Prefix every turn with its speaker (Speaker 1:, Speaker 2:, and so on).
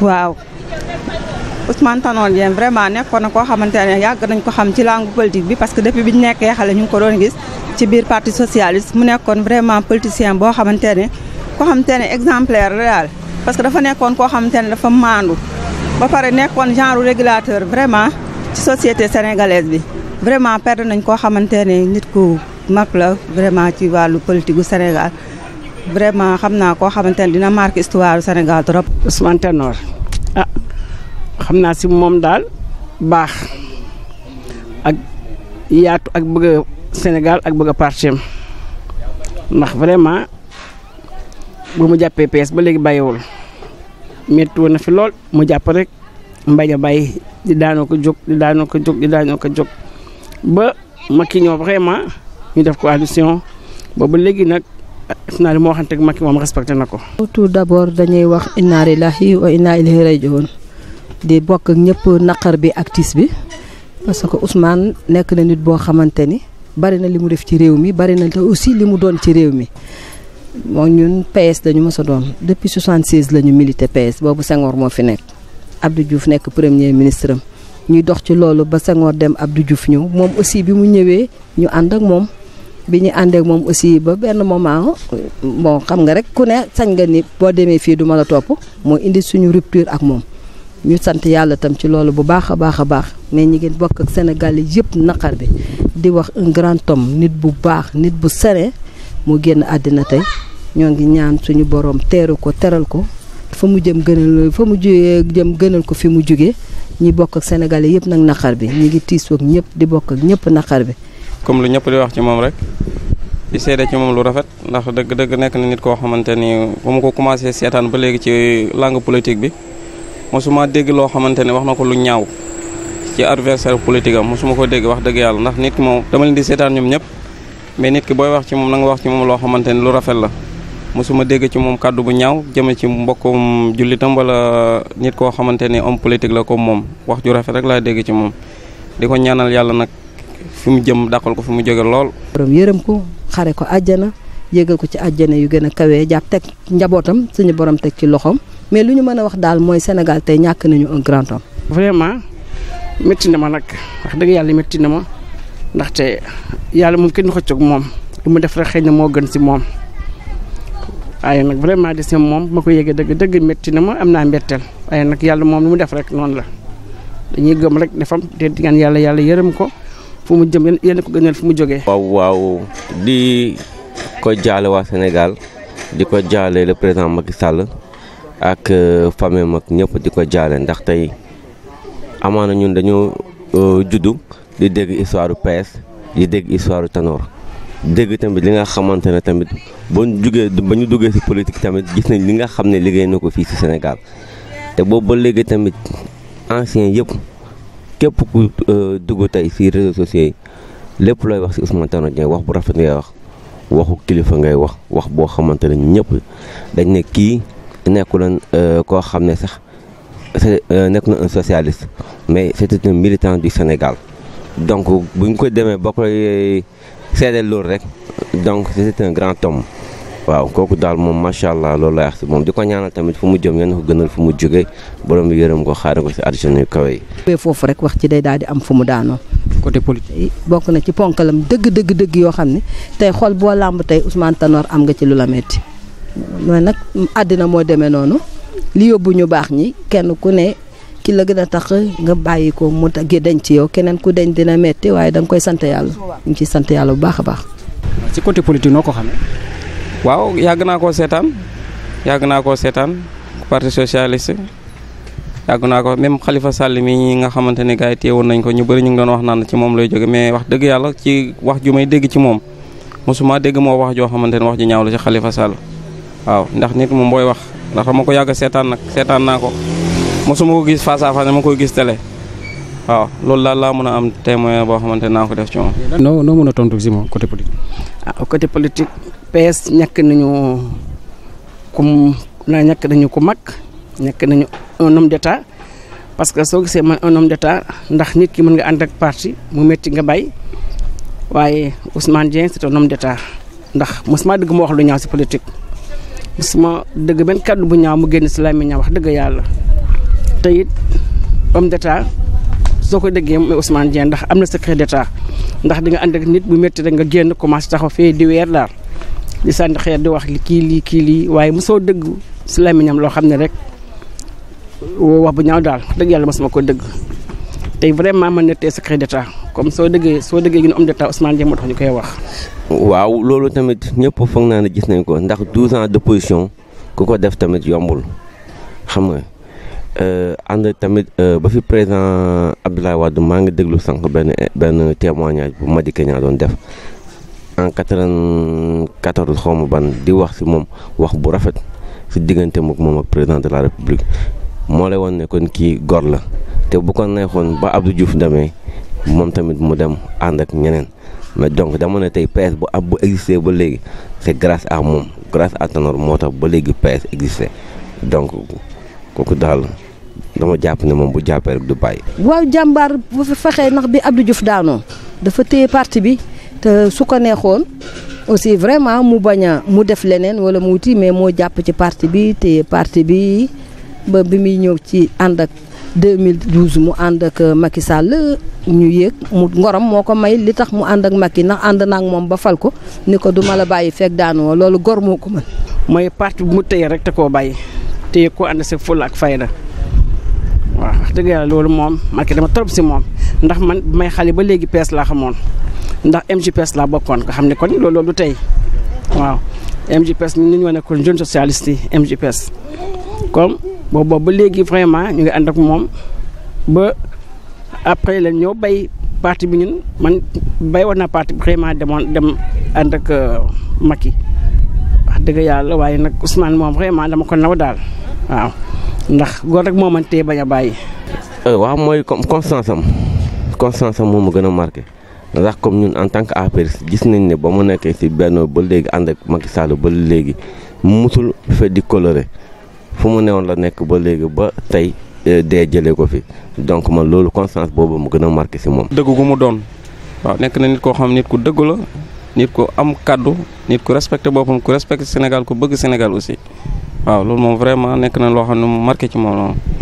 Speaker 1: waaw Ousmane Tanor Dieng vraiment nekkoon na koo xamante ne yàgg nañ ko xam ci langue politique bi parce que depuis bi ñu nekkee xale ñu ngi ko doon gis ci biir parti socialiste mu nekkoon vraiment politicien boo xamante ne koo xamante ne exemplaire la daal parce que dafa nekkoon koo xamante ne dafa maandu ba pare nekkoon genre régulateur vraiment ci société sénégalaise bi vraiment perdre nañ koo xamante ne nit ku mag la vraiment ci wàllu politique gu Sénégal vraiment xam naa koo xamante ne dina marqué histoire du Sénégal trop. Ousmane ah
Speaker 2: xam naa si moom daal baax ak yaatu ak bëgg Sénégal ak bëgg a am ndax vraiment bu mu jàppee PS ba léegi bayewul métti woon na fi lool mu jàpp rek mbañ a di daanoo ko jóg di daanoo ko jóg di daanoo ko jóg ba Macky ñoo vraiment ñu def ko addition boobu léegi nag. def naa li moo waxante ak Macky moom respecté na ko.
Speaker 1: tout d'abord dañuy wax inna lillahi wa inna ilayhi rajiun di bokk ak ñëpp naqar bi ak tiis bi parce que Ousmane nekk na nit boo xamante ni bari na li mu def ci réew mi bari na te aussi li mu doon ci réew mi. moom ñun PS dañu mës a doon depuis 76 la ñu milité PS boobu Senghor moo fi nekk Abdou Diouf nekk premier ministre am ñuy dox ci loolu ba Senghor dem Abdou Diouf ñëw moom aussi bi mu ñëwee ñu ànd ak moom. bi ñu àndeek moom aussi ba benn moment bon xam nga rek ku ne sañ nga ni boo demee fii du ma la topp moo indi suñu rupture ak moom ñu sant yàlla tam ci loolu bu baax a baax a baax mais ñi ngeen bokk ak Sénégal yëpp naqar bi di wax grand homme nit bu baax nit bu sere mu génn àddina tey ñoo ngi ñaan suñu borom teeru ko teral ko fa mu jëm gënal fa mu jëm gënal ko fi mu jóge ñi bokk ak Sénégal yëpp nag naqar bi ñu ngi tiisoo ak ñëpp di bokk ak ñëpp naqar bi
Speaker 3: comme lu ñëpp di wax ci moom rek di seede ci moom lu rafet ndax dëgg-dëgg nekk na nit koo xamante ni ba ma ko commencé seetaan ba léegi ci langue politique bi mosuma dégg loo xamante ne wax na ko lu ñaaw ci adversaire politique am mosuma koo dégg wax dëgg yàlla ndax nit ki moom dama leen di seetaan ñoom ñëpp mais nit ki booy wax ci moom na wax ci moom loo xamante ni lu rafet la mosuma dégg ci moom kàddu bu ñaaw jëme ci mbokkum jullitam wala nit koo xamante ni homme politique la comme moom wax ju rafet rek laa dégg ci moom di ko ñaanal yàlla nag fi mu jëm dàqal ko fi mu jóge lool.
Speaker 1: borom yërëm ko xare ko àjjana yéegal ko ci àjjana yu gën a kawee jàpp teg njabootam suñu borom teg ci loxoom mais lu ñu mën a wax daal mooy senegal tey ñàkk nañu un grand ton
Speaker 2: vraiment métti na ma nag wax dëgg yàlla métti na ma ndaxte yàlla moom kenn xëccoog moom lu mu def rek xëy na moo gën si moom waaye nag vraiment de si moom ma ko yëgee dëgg dëgg métti na ma am naa mbetteel waaye nag yàlla moom lu mu def rek noonu la dañuy gëm rek defam te di yàlla yàlla yërëm ko. fu mu jëm yéen yéen ko gënal fu mu jógee.
Speaker 4: waaw waaw di ko jaale waa Sénégal di ko jaale le président Macky Sall ak euh, famille mag ñëpp di ko jaale ndax tey amaana ñun dañoo euh, juddu di dégg histoire PS di dégg histoire Tanor dégg tamit li nga xamante ne tamit ba ñu jugee ba ñu duggee ci politique tamit gis nañ li nga xam ne liggéey na ko fii ci senegal te boobu ba léegi tamit ancien yëpp. képp ku euh, dugg tey si réseaux sociaux yi lépp looy wax si Ousmane Tanor Dieng wax bu rafet ngay wax waxu kilifa ngay wax wax boo xamante ne ñëpp dañ ne kii nekkuloon euh, koo xam ne sax euh, nekk na un socialiste mais c'était un militant du Sénégal donc buñ ko demee ba koy seedeel loolu rek donc c'était un grand homme waaw kooku daal moom macha allah loolu lay wax si moom di ko ñaanal tamit fu mu jëm na ko gënal fu mu jógee borom yërëm ko xaare ko si àddina yu kawe yi.
Speaker 1: foofu rek wax ci day daal di am fu mu daanoo. côté politique bokk na ci ponkalam dëgg dëgg dëgg yoo xam ne tey xool boo làmb tey Ousmane Tanor am nga ci lu la metti mooy nag àddina moo demee noonu li yóbbu ñu baax ñi kenn ku ne ki la gën a tax nga bàyyi ko mu gi dañ ci yow keneen ku deñ dina metti waaye da nga koy sant yàlla. ñu ciy yàlla bu baax a baax. ci côté politique noo ko xamee.
Speaker 3: waaw yàgg naa koo seetaan yàgg naa koo seetaan parti socialiste yàgg naa ko même Khalifa Sall mi nga xamante ne gars yi nañ ko ñu bëri ñu ngi doon wax naan ci moom lay jóge mais wax dëgg yàlla ci wax ju may dégg ci moom mosuma dégg moo wax joo xamante ne wax ju ñaaw la ci xalifa sàll waaw ndax nit moom booy wax ndax ma ko yàgg seetaan nag seetaan naa ko mosuma ko gis face à face dama koy gis télé waaw loolu laal laa mën a am témoin boo xamante ne naa ko def ci moom.
Speaker 2: noo noo mën a tontu PS ñàkk nañu ku na ñàkk nañu ku mag ñàkk nañu un homme parce que soo gisee man un homme ndax nit ki mën nga ànd ak parti mu métti nga bàyyi waaye Ousmane Dieng c'est un homme d'état ndax mosuma dëgg mu wax lu ñaaw ci politique mosuma dëgg benn kàddu bu ñaaw mu génn ci làmmiñ ñaaw wax dëgg yàlla te it homme d'état soo ko déggee mu Ousmane Dieng ndax am na secret d'état ndax di nga ànd ak nit bu métti rek nga génn commencé taxaw fee di weer daal. di sànni xeer di wax li kii lii kii lii waaye soo dëgg si làmmiñam loo xam ne rek woo wax bu ñaaw daal dëgg yàlla mosuma ko dëgg tey vraiment mën na tey secret d'état comme soo dëggee soo dëggee ñu ne homme d'état Ousmane Dieng moo tax ñu koy wax.
Speaker 4: waaw loolu tamit ñëpp foog naa ne gis nañ ko ndax 12 ans d'opposition ku ko def tamit yombul xam nga euh, ànd tamit euh, ba fi président Abdoulaye Wade maa ngi déglu sànq benn benn témoignage bu Madické Niang doon def. en 94 xaw ma ban di wax si moom wax bu rafet si diggante moom moom ak président de la république moo lay woon nekkoon kon kii gor la te bu ko neexoon ba Abdou Diouf demee moom tamit mu dem ànd ak ñeneen mais donc dama ne tey PS bu ab bu existé ba léegi c' est grâce à moom grâce à Tanor moo tax ba léegi PS existé donc kooku daal dama jàpp ne moom bu jàppee du bàyyi.
Speaker 1: waaw jàmbaar bu fexee ndax bi Abdou Diouf daanoo dafa téye parti bi. te su ko neexoon aussi vraiment mu bañ a mu def leneen wala mu wuti mais moo jàpp ci parti bi te parti bi ba bi muy ñëw ci ànd ak 2012 mu ànd ak euh, Macky Sall ñu yéeg mu ngorom moo ko may li tax mu ànd ak Macky ndax ànd naa ak moom ba fal ko ni ko du ma la bàyyi fekk daanu loolu gor moo ko mën.
Speaker 2: mooy parti bu mu téye rek te koo bàyyi téye koo ànd sa fulla ak fayda waaw wax dëgg yàlla loolu moom makki dama trop si moom ndax man may xale ba léegi pees laa xamoon. ndax MJPS laa bokkoon nga xam ne kon loolu loolu tey waaw MJPS ñun ñu ma nekkoon jeune socialiste yi MJPS comme boobu ba léegi vraiment ñu ngi ànd ak moom ba après la ñoo bay parti bi ñun man bay woon naa parti vraiment demoon dem ànd ak euh, yi wax dëgg yàlla waaye nag Ousmane moom vraiment dama ko naw daal waaw ndax góor rek moo man tee bañ a bàyyi.
Speaker 4: Euh, waaw mooy constance am constance am moom a gën a marqué. ndax comme ñun en tant que APR gis nañ ne ba mu nekkee ci Benno ba léegi ànd ak Macky Sall ba léegi musul fe di coloré fu mu newoon la nekk ba léegi ba tey euh, dee jëlee ko fi donc ma loolu conscience boobu mu gën a marqué ci moom.
Speaker 3: dëgg gu mu doon waaw nekk na nit koo xam nit ku dëgg la nit ku am kàddu nit ku respecté boppam ku respecté Sénégal ku bëgg Sénégal aussi waaw loolu moom vraiment nekk na loo xam ne mu marqué ci moom